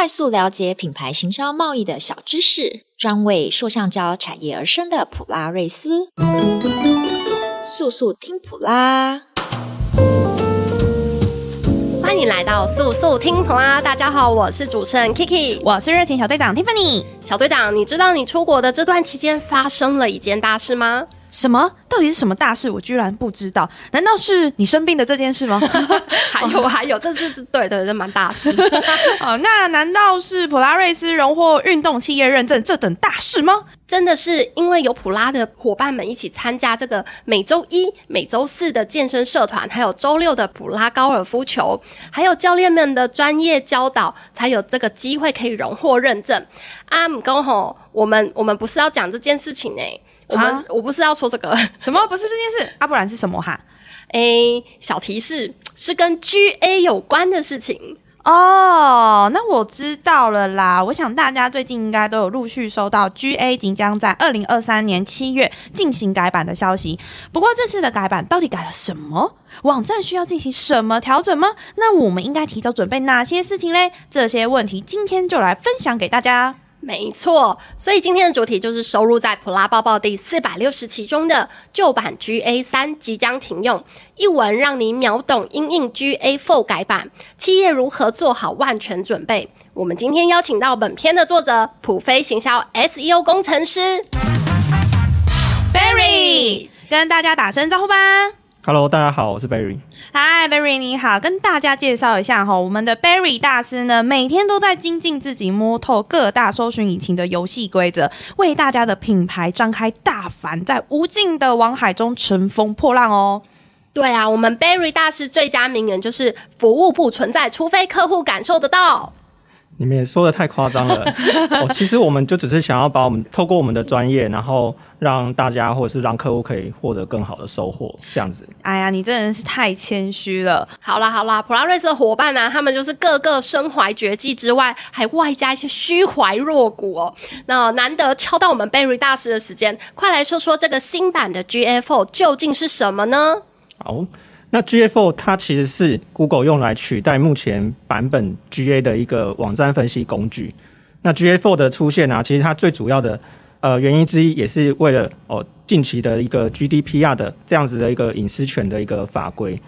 快速了解品牌行銷貿易的小知識，專為塑橡膠產業而生的普拉瑞斯。速速聽普拉，歡迎來到速速聽普拉。大家好，我是主持人 Kiki，我是熱情小隊長 Tiffany。小隊長，你知道你出國的這段期間發生了一件大事嗎？什麼？到底是什麼大事？我居然不知道。難道是你生病的這件事嗎？ 還有 還有，這是對的，這蠻大事的、 哦。那難道是普拉瑞斯榮獲運動企業認證這等大事嗎？真的是因為有普拉的夥伴們一起參加這個每週一、每週四的健身社團，還有週六的普拉高爾夫球，還有教練們的專業教導，才有這個機會可以榮獲認證。阿姆公吼，我們我們不是要講這件事情呢、欸。我們、啊、我不是要說這個， 什麼不是這件事？啊，不然是什麼哈？a、欸、小提示是跟 GA 有關的事情哦。那我知道了啦。我想大家最近應該都有陸續收到 GA 即將在二零二三年七月進行改版的消息。不過這次的改版到底改了什麼？網站需要進行什麼調整嗎？那我們應該提早準備哪些事情嘞？這些問題今天就來分享給大家。沒錯，所以今天的主題就是收錄在普拉抱報第四百六十期中的舊版 GA 三即將停用，一文讓你秒懂因應 GA4 改版，企業如何做好萬全準備。我們今天邀請到本篇的作者，普飛行銷 SEO 工程師 Barry，跟大家打聲招呼吧。Hello，大家好，我是 Berry。Hi，Berry 你好，跟大家介紹一下哈、哦，我們的 Berry 大師呢，每天都在精進自己，摸透各大搜尋引擎的遊戲規則，為大家的品牌張開大帆，在無盡的網海中乘風破浪哦。對啊，我們 Berry 大師最佳名言就是“服務不存在，除非客戶感受得到。”你們也說得太誇張了、 哦，其實我們就只是想要把我們 透過我們的專業，然後讓大家或者是讓客戶可以獲得更好的收穫，這樣子。哎呀，你真的是太謙虛了。好啦，好啦，普拉瑞斯的夥伴呢、啊，他們就是個個身懷絕技之外，還外加一些虛懷若谷。那難得敲到我們 Benry 大師的時間，快來說說這個新版的 GA4 究竟是什麼呢？好那 GA4 它其實是 Google 用來取代目前版本 GA 的一個網站分析工具。那 GA4 的出現啊，其實它最主要的呃原因之一也是為了哦近期的一個 GDPR 的這樣子的一個隱私權的一個法規。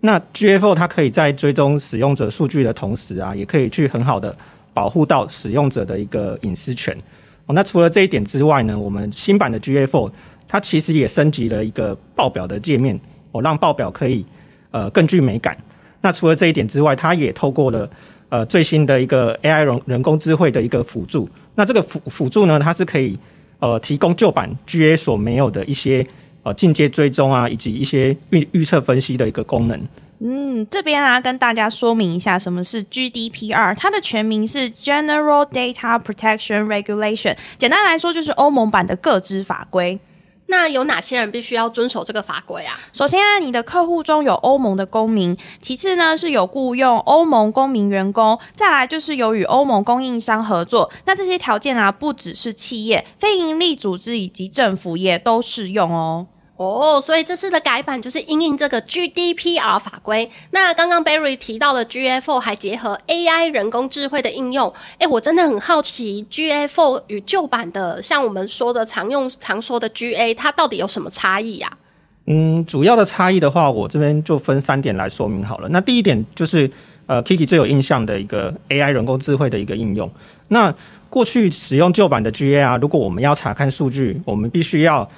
那 GA4 它可以在追蹤使用者數據的同時啊，也可以去很好的保護到使用者的一個隱私權。哦，那除了這一點之外呢，我們新版的 GA4 它其實也升級了一個報表的界面。我、哦、讓報表可以，呃更具美感。那除了這一點之外，它也透過了，呃最新的一個 AI 人工智慧的一個輔助。那這個輔輔助呢，它是可以，呃提供舊版 GA 所沒有的一些，呃進階追蹤啊，以及一些預預測分析的一個功能。嗯，這邊啊跟大家說明一下什麼是 GDPR，它的全名是 General Data Protection Regulation，簡單來說就是歐盟版的個資法規。那有哪些人必須要遵守這個法規啊？首先啊，你的客戶中有歐盟的公民；其次呢，是有僱傭歐盟公民員工；再來就是有與歐盟供應商合作。那這些條件啊，不只是企業、非營利組織以及政府也都適用哦。哦，oh, 所以這次的改版就是因應這個 GDPR 法規。那剛剛 Berry 提到的 GA4 還結合 AI 人工智慧的應用。哎、欸，我真的很好奇 GA4 與舊版的像我們說的常用常說的 GA，它到底有什麼差異呀、啊？嗯，主要的差異的話，我這邊就分三點來說明好了。那第一點就是呃，Kiki 最有印象的一個 AI 人工智慧的一個應用。那過去使用舊版的 GA 啊，如果我們要查看數據，我們必須要。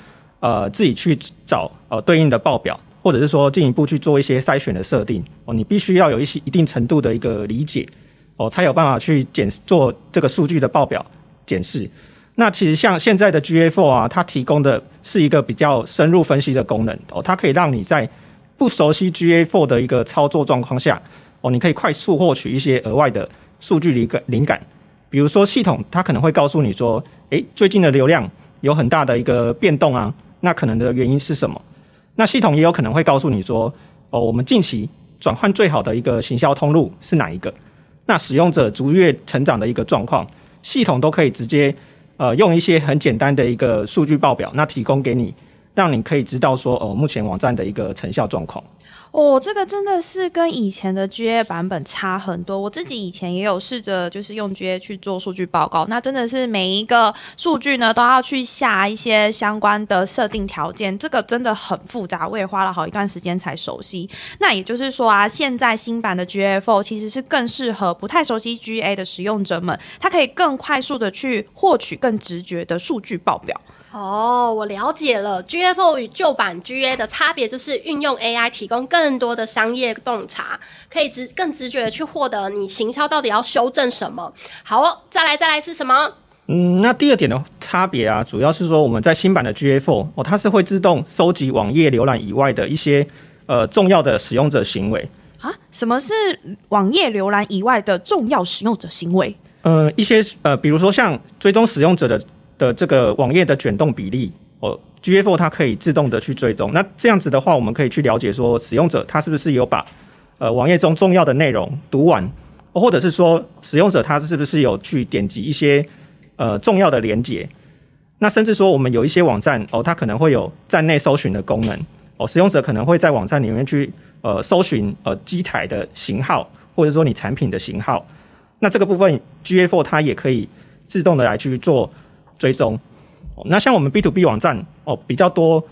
呃，自己去找呃對應的報表，或者是說進一步去做一些篩選的設定哦，你必須要有一些一定程度的一個理解哦，才有辦法去檢做這個數據的報表檢視。那其實像現在的 GA4 啊，它提供的是一個比較深入分析的功能哦，它可以讓你在不熟悉 GA4 的一個操作狀況下哦，你可以快速獲取一些額外的數據一個靈感，比如說系統它可能會告訴你說，哎，最近的流量有很大的一個變動啊。那可能的原因是什麼？那系統也有可能會告訴你說，哦，我們近期轉換最好的一個行銷通路是哪一個？那使用者逐月成長的一個狀況，系統都可以直接，呃，用一些很簡單的一個數據報表，那提供給你。讓你可以知道說，呃，目前網站的一個成效狀況。哦，這個真的是跟以前的 GA 版本差很多。我自己以前也有試着，就是用 GA 去做數據報告，那真的是每一個數據呢都要去下一些相關的設定條件，這個真的很複雜，我也花了好一段時間才熟悉。那也就是說啊，現在新版的 GA4 其實是更適合不太熟悉 GA 的使用者們，它可以更快速的去獲取更直覺的數據報表。哦，我了解了。GA4 與舊版 G A 的差別就是運用 A I 提供更多的商業洞察，可以直更直覺的去獲得你行銷到底要修正什麼。好、哦，再來再來是什麼？嗯，那第二點的差別啊，主要是說我們在新版的 GA4 哦，它是會自動收集網頁瀏覽以外的一些呃重要的使用者行為。啊，什麼是網頁瀏覽以外的重要使用者行為？呃，一些呃，比如說像追蹤使用者的，的這個網頁的卷動比例，哦，GA4 它可以自動的去追蹤。那這樣子的話，我們可以去了解說，使用者他是不是有把呃網頁中重要的內容讀完，哦，或者是說使用者他是不是有去點擊一些呃重要的連結？那甚至說，我們有一些網站哦，它可能會有站內搜尋的功能哦，使用者可能會在網站裡面去呃搜尋呃機台的型號，或者說你產品的型號。那這個部分 GA4 它也可以自動的來去做。追蹤，那像我們 B to B 網站哦，比較多，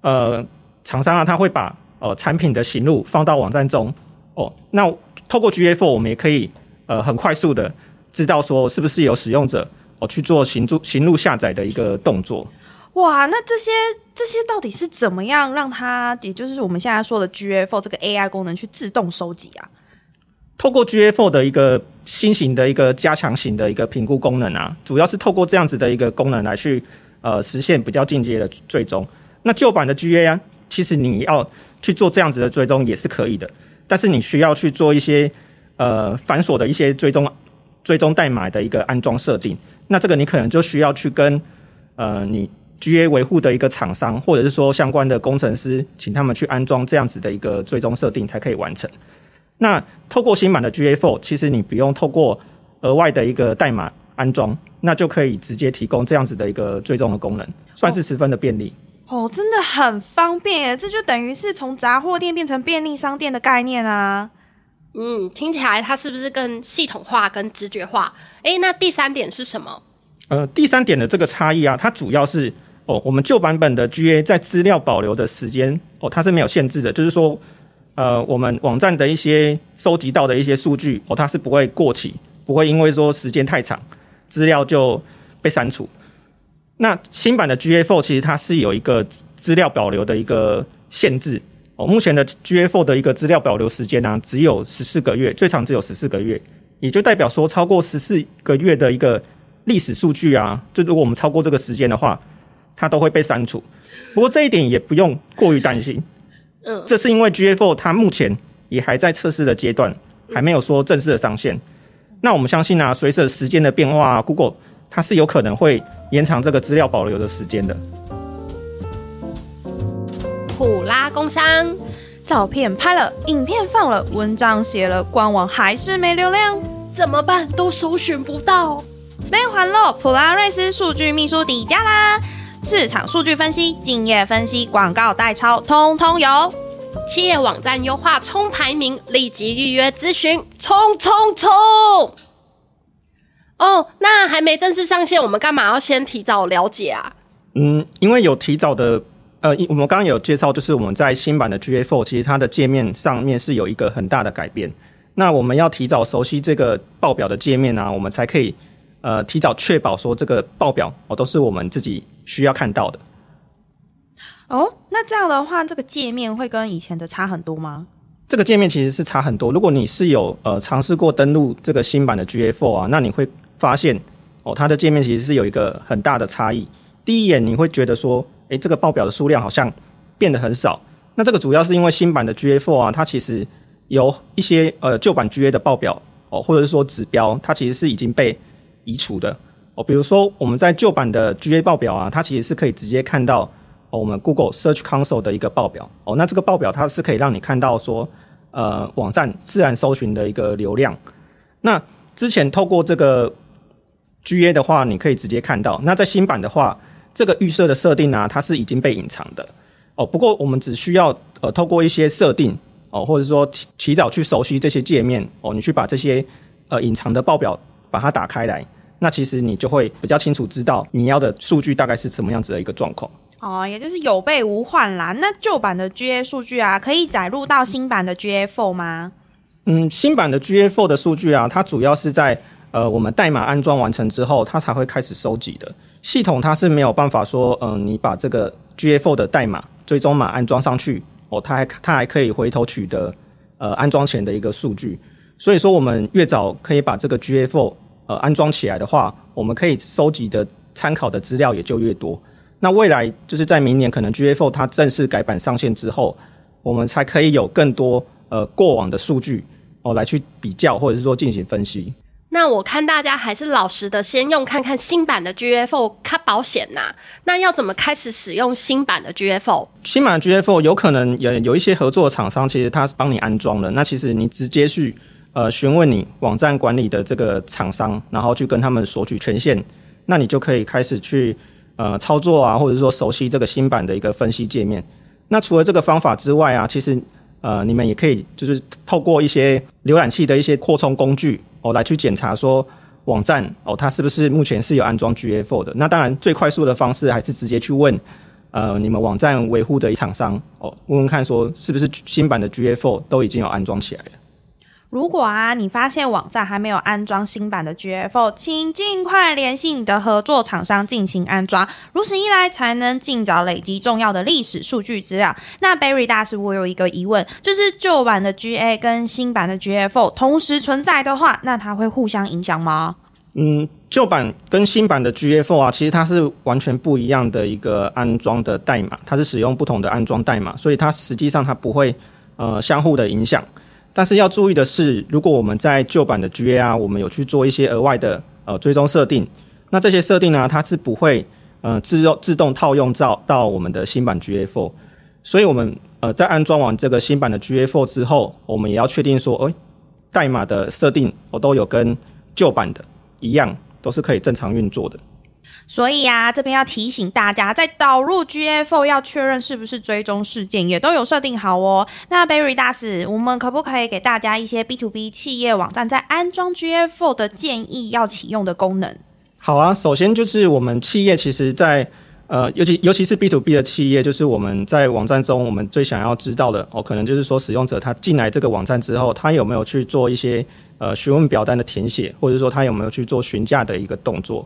呃，廠商啊，他會把呃產品的型錄放到網站中，哦，那透過 GA4，我們也可以呃很快速的知道說是不是有使用者哦去做型、型錄下載的一個動作。哇，那這些這些到底是怎麼樣讓它，也就是我們現在說的 GA4 這個 AI 功能去自動收集啊？透過 GA4 的一個新型的一個加強型的一個評估功能啊，主要是透過這樣子的一個功能來去呃實現比較進階的追蹤。那舊版的 GA 啊，其實你要去做這樣子的追蹤也是可以的，但是你需要去做一些呃繁瑣的一些追蹤追蹤代碼的一個安裝設定。那這個你可能就需要去跟呃你 GA 維護的一個廠商或者是說相關的工程師，請他們去安裝這樣子的一個追蹤設定才可以完成。那透過新版的 GA4 其實你不用透過額外的一個代碼安裝，那就可以直接提供這樣子的一個追蹤的功能，算是十分的便利哦。哦，真的很方便耶！這就等於是從雜貨店變成便利商店的概念啊。嗯，聽起來它是不是更系統化跟直覺化？哎、欸，那第三點是什麼？呃，第三點的這個差異啊，它主要是哦，我們舊版本的 GA 在資料保留的時間哦，它是沒有限制的，就是說。呃，我們網站的一些收集到的一些數據哦，它是不會過期，不會因為說時間太長，資料就被刪除。那新版的 GA4 其實它是有一個資料保留的一個限制哦，目前的 GA4 的一個資料保留時間呢、啊、只有十四個月，最長只有十四個月，也就代表說超過十四個月的一個歷史數據啊，就如果我們超過這個時間的話，它都會被刪除。不過這一點也不用過於擔心。 這是因為 GA4 它目前也還在測試的階段，還沒有說正式的上線。那我們相信啊，隨着時間的變化啊，Google 它是有可能會延長這個資料保留的時間的。普拉工商照片拍了，影片放了，文章寫了，官網還是沒流量，怎麼辦？都搜尋不到，沒環了。普拉瑞斯數據秘書到家啦，市場數據分析、競業分析、廣告代操，通通有。企業網站優化衝排名，立即預約諮詢，衝衝衝！哦，那還沒正式上線，我們幹嘛要先提早了解啊？嗯，因為有提早的，呃，我們剛剛有介紹，就是我們在新版的 GA4，其實它的界面上面是有一個很大的改變。那我們要提早熟悉這個報表的界面呢，我們才可以呃提早確保說這個報表哦都是我們自己需要看到的。哦，oh, 那這樣的話，這個界面會跟以前的差很多嗎？這個界面其實是差很多。如果你是有呃嘗試過登錄這個新版的 GA4 啊，那你會發現哦，它的界面其實是有一個很大的差異。第一眼你會覺得說，誒、欸，這個報表的數量好像變得很少。那這個主要是因為新版的 GA4 啊，它其實有一些呃舊版 GA 的報表哦，或者是說指標，它其實是已經被移除的哦。比如說我們在舊版的 GA 報表啊，它其實是可以直接看到。哦，我們 Google Search Console 的一個報表哦，那這個報表它是可以讓你看到說，呃，網站自然搜尋的一個流量。那之前透過這個 GA 的話，你可以直接看到。那在新版的話，這個預設的設定呢，啊，它是已經被隱藏的。哦，不過我們只需要呃透過一些設定哦，或者說提提早去熟悉這些界面哦，你去把這些呃隱藏的報表把它打開來，那其實你就會比較清楚知道你要的數據大概是什麼樣子的一個狀況。哦，也就是有備無患啦。那舊版的 GA 數據啊，可以載入到新版的 GA4 嗎？嗯，新版的 GA4 的數據啊，它主要是在呃我們代碼安裝完成之後，它才會開始收集的。系統它是沒有辦法說，嗯、呃，你把這個 GA4 的代碼、追蹤碼安裝上去，哦，它還它還可以回頭取得呃安裝前的一個數據。所以說，我們越早可以把這個 GA4 呃安裝起來的話，我們可以收集的參考的資料也就越多。那未來就是在明年可能 GA4 它正式改版上線之後，我們才可以有更多呃過往的數據哦、呃、來去比較或者是說進行分析。那我看大家還是老實的先用看看新版的 GA4 卡保險吶、啊。那要怎麼開始使用新版的 GA4？新版的 GA4 有可能有有一些合作廠商其實它是幫你安裝了。那其實你直接去呃詢問你網站管理的這個廠商，然後去跟他們索取權限，那你就可以開始去。呃，操作啊，或者說熟悉這個新版的一個分析界面。那除了這個方法之外啊，其實呃，你們也可以就是透過一些瀏覽器的一些擴充工具哦，來去檢查說網站哦，它是不是目前是有安裝 GA4 的。那當然，最快速的方式還是直接去問呃，你們網站維護的廠商哦，問問看說是不是新版的 GA4 都已經有安裝起來了。如果啊，你發現網站還沒有安裝新版的 GA4，請盡快聯繫你的合作廠商進行安裝。如此一來，才能盡早累積重要的歷史數據資料。那 Barry 大師，我有一個疑問，就是舊版的 G A 跟新版的 GA4 同時存在的話，那它會互相影響嗎？嗯，舊版跟新版的 GA4 啊，其實它是完全不一樣的一個安裝的代碼，它是使用不同的安裝代碼，所以它實際上它不會呃相互的影響。但是要注意的是，如果我們在舊版的 GA 啊，我們有去做一些額外的呃追蹤設定，那這些設定呢，它是不會呃自自自動套用到到我們的新版 GA4。所以，我們呃在安裝完這個新版的 GA4 之後，我們也要確定說，哎、呃，代碼的設定我、呃、都有跟舊版的一樣，都是可以正常運作的。所以啊，這邊要提醒大家，在導入 GA4 要確認是不是追蹤事件也都有設定好哦。那 Berry 大使，我們可不可以給大家一些 B2B 企業網站在安裝 GA4 的建議？要啟用的功能。好啊，首先就是我們企業其實在，在呃，尤其尤其是 B2B 的企業，就是我們在網站中，我們最想要知道的哦，可能就是說使用者他進來這個網站之後，他有沒有去做一些呃詢問表單的填寫，或者說他有沒有去做詢價的一個動作。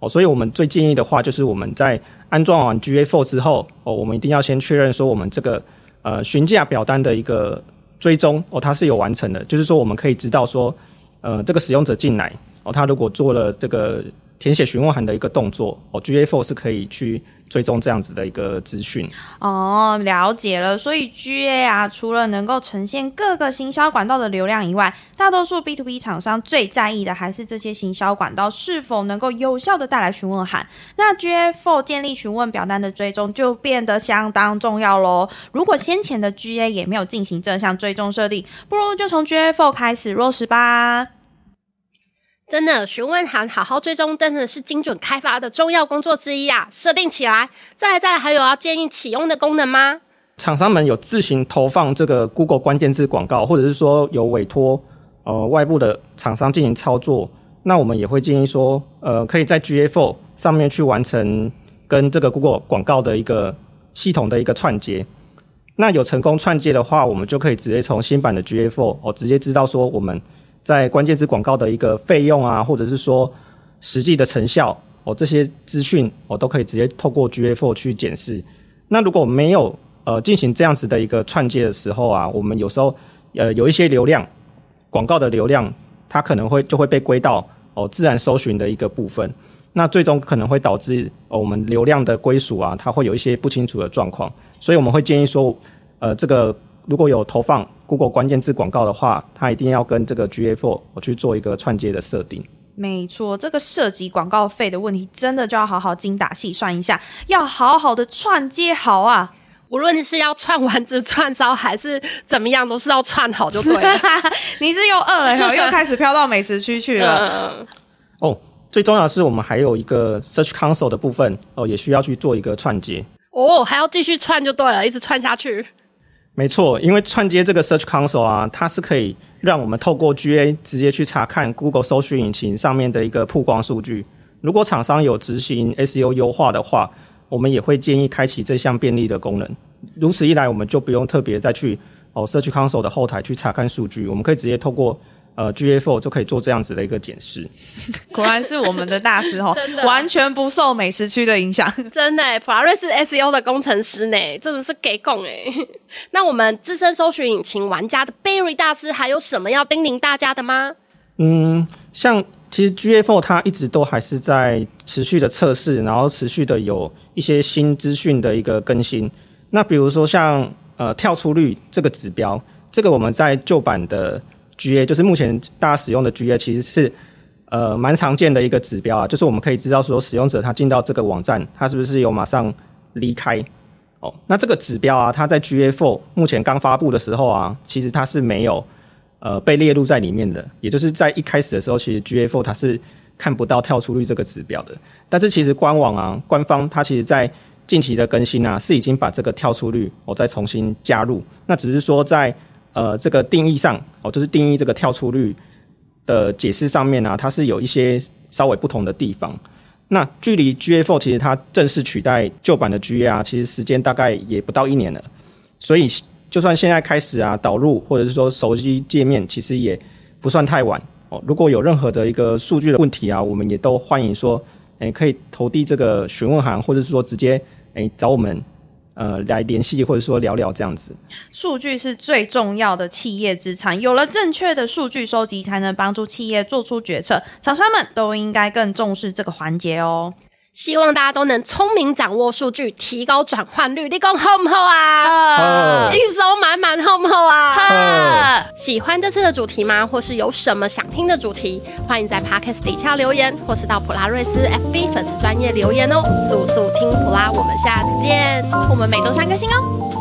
哦，所以我們最建議的話就是我們在安裝完 GA4 之後，哦，我們一定要先確認說我們這個呃詢價表單的一個追蹤，哦，它是有完成的，就是說我們可以知道說，呃，這個使用者進來，哦，他如果做了這個。填寫詢問函的一個動作，哦，GA4 是可以去追蹤這樣子的一個資訊。哦，了解了。所以 GA 啊，除了能夠呈現各個行銷管道的流量以外，大多數 B2B 廠商最在意的還是這些行銷管道是否能夠有效地帶來詢問函。那 GA4 建立詢問表單的追蹤就變得相當重要嘍。如果先前的 GA 也沒有進行這項追蹤設定，不如就從 GA4 開始落實吧。真的，詢問函好好追蹤，真的是精準開發的重要工作之一啊！設定起來，再來再來，還有要建議啟用的功能嗎？廠商們有自行投放這個 Google 關鍵字廣告，或者是說有委託呃外部的廠商進行操作，那我們也會建議說，呃，可以在 GA4 上面去完成跟這個 Google 廣告的一個系統的一個串接。那有成功串接的話，我們就可以直接從新版的 GA4，呃，直接知道說我們。在關鍵字廣告的一個費用啊，或者是說實際的成效哦，這些資訊我都可以直接透過 GA4 去檢視。那如果沒有呃進行這樣子的一個串接的時候啊，我們有時候呃有一些流量廣告的流量，它可能會就會被歸到哦自然搜尋的一個部分，那最終可能會導致，呃，我們流量的歸屬啊，它會有一些不清楚的狀況，所以我們會建議說，呃這個。如果有投放 Google 關鍵字廣告的話，它一定要跟這個 GA4 我去做一個串接的設定。沒錯，這個涉及廣告費的問題，真的就要好好精打細算一下，要好好的串接好啊！無論是要串丸子串燒、串燒還是怎麼樣，都是要串好就對了。 你是又餓了，又又開始飄到美食區去了 哦。最重要的是，我們還有一個 Search Console 的部分哦，也需要去做一個串接哦，還要繼續串就對了，一直串下去。沒錯，因為串接這個 Search Console 啊，它是可以讓我們透過 GA 直接去查看 Google 搜尋引擎上面的一個曝光數據。如果廠商有執行 SEO 優化的話，我們也會建議開啟這項便利的功能。如此一來，我們就不用特別再去哦 Search Console 的後台去查看數據，我們可以直接透過。呃，GA4 就可以做這樣子的一個檢視，果然是我們的大師，哦 真的啊，完全不受美食區的影響，真的。普拉瑞是 SEO 的工程師呢，真的是給拱哎。 那我們資深搜索引擎玩家的 Berry 大師還有什麼要叮嚀大家的嗎？嗯，像其實 GA4 它一直都還是在持續的測試，然後持續的有一些新資訊的一個更新。那比如說像呃跳出率這個指標，這個我們在舊版的。GA 就是目前大家使用的 GA 其實是呃蠻常見的一個指標啊，就是我們可以知道說使用者他進到這個網站，他是不是有馬上離開哦。那這個指標啊，它在 GA4 目前剛發布的時候啊，其實它是沒有呃被列入在裡面的，也就是在一開始的時候，其實 GA4 它是看不到跳出率這個指標的。但是其實官網啊，官方它其實在近期的更新啊，是已經把這個跳出率我、哦、再重新加入，那只是說在呃，這個定義上哦，就是定義這個跳出率的解釋上面呢、啊，它是有一些稍微不同的地方。那距離 GA4 其實它正式取代舊版的 GA，啊，其實時間大概也不到一年了。所以就算現在開始啊，導入或者是說熟悉界面，其實也不算太晚哦。如果有任何的一個數據的問題啊，我們也都歡迎說，誒、哎，可以投遞這個詢問函，或者是說直接誒、哎、找我們。呃，來聯繫或者說聊聊這樣子，數據是最重要的企業資產，有了正確的數據收集，才能幫助企業做出決策。廠商們都應該更重視這個環節哦。希望大家都能聰明掌握數據，提高轉換率，你說好不好啊？營、啊、收滿滿好不好啊？啊喜歡這次的主題嗎？或是有什麼想聽的主題？歡迎在 podcast 底下留言，或是到普拉瑞斯 FB 粉絲專頁留言哦、喔！速速聽普拉，我們下次見！我們每週三更新哦。